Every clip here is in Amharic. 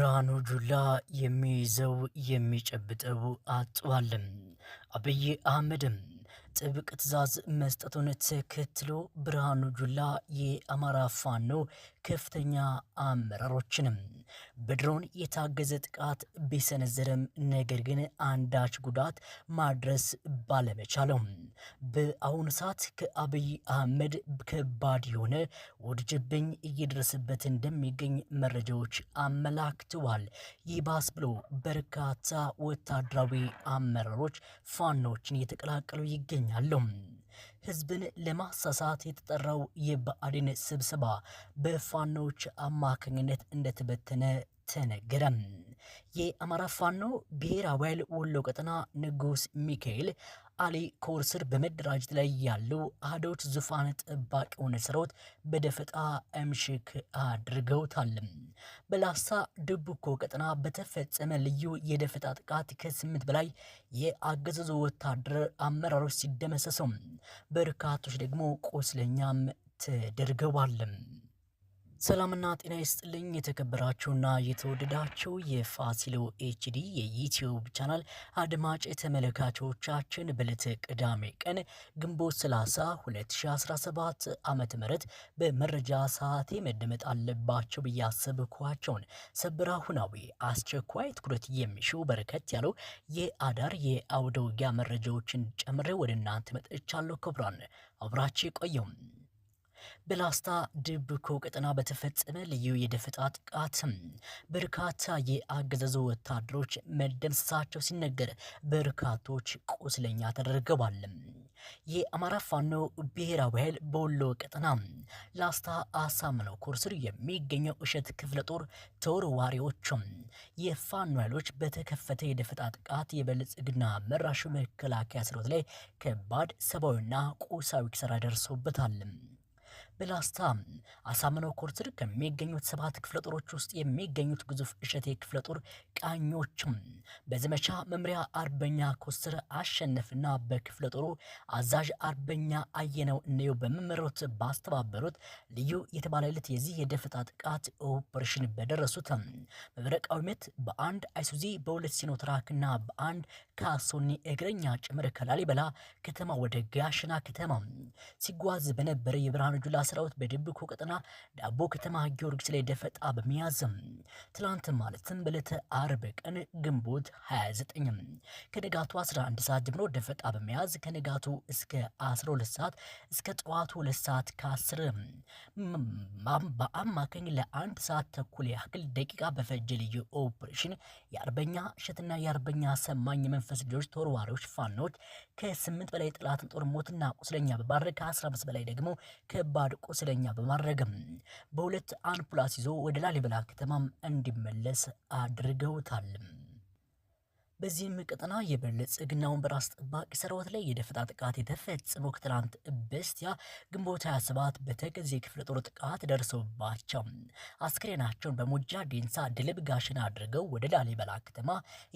ብርሃኑ ጁላ የሚይዘው የሚጨብጠው አጥዋልም አብይ አህመድም ጥብቅ ትዕዛዝ መስጠቱን ተከትሎ ብርሃኑ ጁላ የአማራ ፋኖ ከፍተኛ አመራሮችንም በድሮን የታገዘ ጥቃት ቢሰነዘርም ነገር ግን አንዳች ጉዳት ማድረስ ባለመቻለው በአሁኑ ሰዓት ከአብይ አህመድ ከባድ የሆነ ውድጅብኝ እየደረሰበት እንደሚገኝ መረጃዎች አመላክተዋል። ይባስ ብሎ በርካታ ወታደራዊ አመራሮች ፋኖችን እየተቀላቀሉ ይገኛሉ። ህዝብን ለማሳሳት የተጠራው የብአዴን ስብሰባ በፋኖች አማካኝነት እንደተበተነ ተነገረም። የአማራ ፋኖ ብሔራዊ ኃይል ወሎ ቀጠና ንጉስ ሚካኤል አሊ ኮር ስር በመደራጀት ላይ ያሉ አህዶች ዙፋን ጠባቂውን ሰራዊት በደፈጣ እምሽክ አድርገውታል። በላሳ ድቡኮ ቀጠና በተፈጸመ ልዩ የደፈጣ ጥቃት ከስምንት በላይ የአገዛዙ ወታደር አመራሮች ሲደመሰሰው በርካቶች ደግሞ ቆስለኛም ተደርገዋል። ሰላምና ጤና ይስጥልኝ የተከበራችሁና የተወደዳችሁ የፋሲሎ ኤችዲ የዩትዩብ ቻናል አድማጭ ተመልካቾቻችን በዕለተ ቅዳሜ ቀን ግንቦት 30 2017 ዓ ም በመረጃ ሰዓቴ መደመጥ አለባቸው ብያሰብኳቸውን ሰበር አሁናዊ አስቸኳይ ትኩረት የሚሹ በርከት ያለው የአዳር የአውደ ውጊያ መረጃዎችን ጨምሬ ወደ እናንተ መጥቻለሁ። ክቡራን አብራችሁ ቆየው። በላስታ ድብኮ ቀጠና በተፈጸመ ልዩ የደፈጣ ጥቃት በርካታ የአገዛዙ ወታደሮች መደምሰሳቸው ሲነገር በርካቶች ቁስለኛ ተደርገዋል። የአማራ ፋኖ ብሔራዊ ኃይል በወሎ ቀጠና ላስታ አሳምነው ኮርስር የሚገኘው እሸት ክፍለ ጦር ተወርዋሪዎችም የፋኖ ኃይሎች በተከፈተ የደፈጣ ጥቃት የበልጽግና መራሹ መከላከያ ሰራዊት ላይ ከባድ ሰብአዊና ቁሳዊ ኪሳራ ደርሶበታል። በላስታ አሳምነው ኮርትር ከሚገኙት ሰባት ክፍለ ጦሮች ውስጥ የሚገኙት ግዙፍ እሸቴ ክፍለ ጦር ቃኞችም በዘመቻ መምሪያ አርበኛ ኮስትር አሸነፍና በክፍለ ጦሩ አዛዥ አርበኛ አየነው እንየው በመመረት ባስተባበሩት ልዩ የተባለለት የዚህ የደፈጣ ጥቃት ኦፕሬሽን በደረሱት መብረቃዊ ምት በአንድ አይሱዚ በሁለት ሲኖትራክና በአንድ ካሶኒ እግረኛ ጭምር ከላሊበላ ከተማ ወደ ጋሽና ከተማ ሲጓዝ በነበረ የብርሃኑ ጁላ ሰራዊት በድብኮ ቀጠና ዳቦ ከተማ ጊዮርጊስ ላይ ደፈጣ በመያዝ ትላንት ማለትም በዕለተ አርብ ቀን ግንቦት መስኮት 29 ከንጋቱ 11 ሰዓት ጀምሮ ደፈጣ በመያዝ ከንጋቱ እስከ 12 ሰዓት እስከ ጠዋቱ 2 ሰዓት ከ10 በአማካኝ ለአንድ ሰዓት ተኩል ያክል ደቂቃ በፈጀ ልዩ ኦፕሬሽን የአርበኛ እሸትና የአርበኛ ሰማኝ የመንፈስ ልጆች ተወርዋሪዎች ፋኖች ከ8 በላይ ጠላትን ጦር ሞትና ቁስለኛ በማድረግ ከ15 በላይ ደግሞ ከባድ ቁስለኛ በማድረግ በሁለት አንፑላስ ይዞ ወደ ላሊበላ ከተማም እንዲመለስ አድርገውታል። በዚህም ቀጠና የብልጽግናውን በራስ ጠባቂ ሰራዊት ላይ የደፈጣ ጥቃት የተፈጸመው ከትላንት በስቲያ ግንቦት 27 በተከዜ ክፍለ ጦር ጥቃት ደርሶባቸው አስክሬናቸውን በሞጃ ዴንሳ ድልብ ጋሽን አድርገው ወደ ላሊበላ ከተማ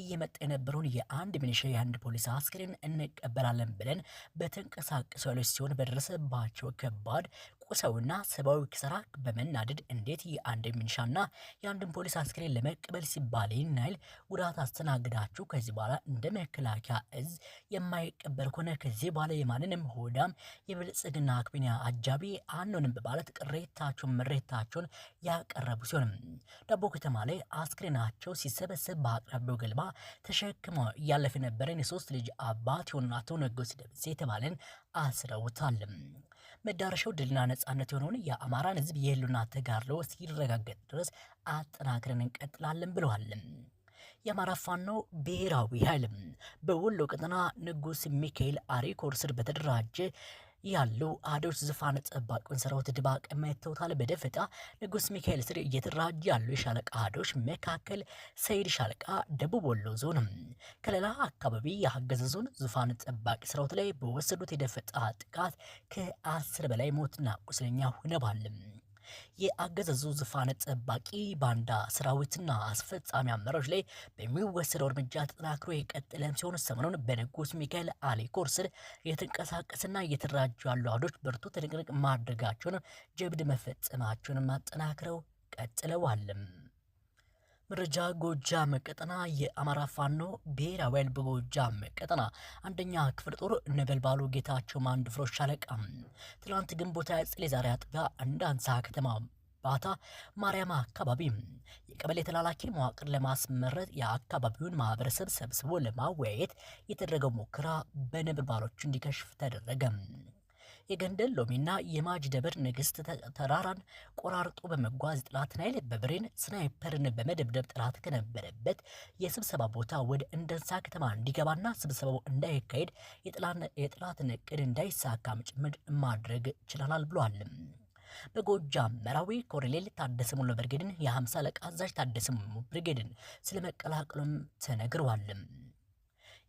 እየመጣ የነበረውን የአንድ ሚኒሻ የአንድ ፖሊስ አስክሬን እንቀበላለን ብለን በተንቀሳቀሱ ያሎች ሲሆን በደረሰባቸው ከባድ ቁሰውና ሰብአዊ ኪሳራ በመናደድ እንዴት የአንድን ሚሊሻና የአንድን ፖሊስ አስክሬን ለመቀበል ሲባል ይህን ያህል ጉዳት አስተናግዳችሁ ከዚህ በኋላ እንደ መከላከያ እዝ የማይቀበል ከሆነ ከዚህ በኋላ የማንንም ሆዳም የብልጽግና አክቢኒያ አጃቢ አንሆንም በማለት ቅሬታቸውን ምሬታቸውን ያቀረቡ ሲሆን ዳቦ ከተማ ላይ አስክሬናቸው ሲሰበሰብ በአቅራቢው ገልባ ተሸክመው እያለፈ የነበረን የሶስት ልጅ አባት የሆኑን አቶ ነገስ ደምሴ የተባለን አስረውታል። መዳረሻው ድልና ነጻነት የሆነውን የአማራን ሕዝብ የህልውና ተጋድሎ እስኪረጋገጥ ድረስ አጠናክረን እንቀጥላለን ብለዋል። የአማራ ፋኖ ብሔራዊ ኃይልም በወሎ ቀጠና ንጉስ ሚካኤል አሪኮር ስር በተደራጀ ያሉ አዶች ዙፋን ጠባቂውን ሰራዊት ድባቅ መትተውታል። በደፈጣ ንጉስ ሚካኤል ስር እየተደራጁ ያሉ የሻለቃ አዶች መካከል ሰይድ ሻለቃ ደቡብ ወሎ ዞን ከሌላ አካባቢ የአገዛዙን ዙፋን ጠባቂ ሰራዊት ላይ በወሰዱት የደፈጣ ጥቃት ከአስር በላይ ሞትና ቁስለኛ ሆነዋል። የአገዛዙ ዙፋን ጠባቂ ባንዳ ሰራዊትና አስፈጻሚ አመራሮች ላይ በሚወሰደው እርምጃ ተጠናክሮ የቀጠለም ሲሆን ሰሞኑን በንጉስ ሚካኤል አሊ ኮር ስር የተንቀሳቀስና እየተደራጁ ያሉ አዶች ብርቱ ትንቅንቅ ማድረጋቸውን፣ ጀብድ መፈጸማቸውን ማጠናክረው ቀጥለዋል። መረጃ ጎጃም ቀጠና የአማራ ፋኖ ብሔራዊ ኃይል በጎጃም ቀጠና አንደኛ ክፍለ ጦር ነበልባሉ ጌታቸው ፍሮሽ አለቃ ትላንት ግንቦት ዘጠኝ ዛሬ አጥቢያ እንዳንሳ ከተማ ባታ ማርያም አካባቢ የቀበሌ ተላላኪ መዋቅር ለማስመረጥ የአካባቢውን ማህበረሰብ ሰብስቦ ለማወያየት የተደረገው ሙከራ በነበልባሎቹ እንዲከሽፍ ተደረገ። የገንደል ሎሚና የማጅ ደብር ንግስት ተራራን ቆራርጦ በመጓዝ ጥላትን ኃይል በብሬን ስናይፐርን በመደብደብ ጥላት ከነበረበት የስብሰባ ቦታ ወደ እንደንሳ ከተማ እንዲገባና ስብሰባው እንዳይካሄድ የጥላትን እቅድ እንዳይሳካም ጭምር ማድረግ ችላላል ብሏል። በጎጃም መራዊ ኮሎኔል ታደሰ ሙሉ ብርጌድን የ50 አለቃ አዛዥ ታደሰ ሙሉ ብርጌድን ስለመቀላቀሉም ተነግረዋል።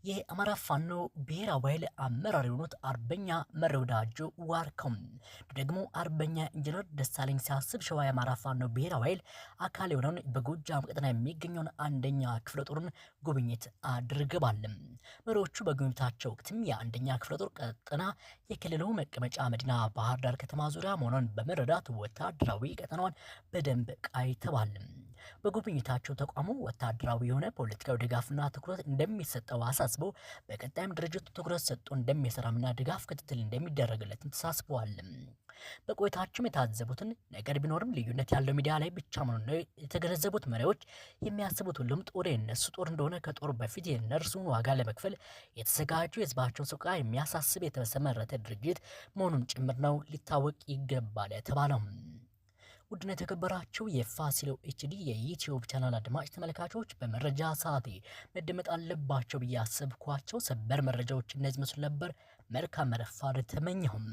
የአማራ ፋኖ ብሔራዊ ኃይል አመራር የሆኑት አርበኛ መሪ ወዳጆ ዋርካው ደግሞ አርበኛ ኢንጂነር ደሳለኝ ሲያስብ ሸዋ የአማራ ፋኖ ብሔራዊ ኃይል አካል የሆነውን በጎጃም ቀጠና የሚገኘውን አንደኛ ክፍለ ጦርን ጉብኝት አድርገዋል። መሪዎቹ በጉብኝታቸው ወቅትም የአንደኛ ክፍለ ጦር ቀጠና የክልሉ መቀመጫ መዲና ባህር ዳር ከተማ ዙሪያ መሆኗን በመረዳት ወታደራዊ ቀጠናዋን በደንብ ቃኝተዋል። በጉብኝታቸው ተቋሙ ወታደራዊ የሆነ ፖለቲካዊ ድጋፍና ትኩረት እንደሚሰጠው አሳስበው በቀጣይም ድርጅቱ ትኩረት ሰጥቶ እንደሚሰራምና ድጋፍ ክትትል እንደሚደረግለትም ተሳስበዋል። በቆይታችም የታዘቡትን ነገር ቢኖርም ልዩነት ያለው ሚዲያ ላይ ብቻ መሆኑ ነው የተገነዘቡት። መሪዎች የሚያስቡት ሁሉም ጦር የነሱ ጦር እንደሆነ ከጦር በፊት የነርሱን ዋጋ ለመክፈል የተዘጋጁ የህዝባቸውን ሰቆቃ የሚያሳስብ የተመሰመረተ ድርጅት መሆኑን ጭምር ነው ሊታወቅ ይገባል የተባለው። ውድነ የተከበራችሁ የፋሲሎ ኤችዲ የዩትዩብ ቻናል አድማጭ ተመልካቾች በመረጃ ሰዓቴ መደመጥ አለባቸው ብዬ አሰብኳቸው ሰበር መረጃዎች እነዚህ መስሉ ነበር። መልካም ረፋድ ተመኘሁም።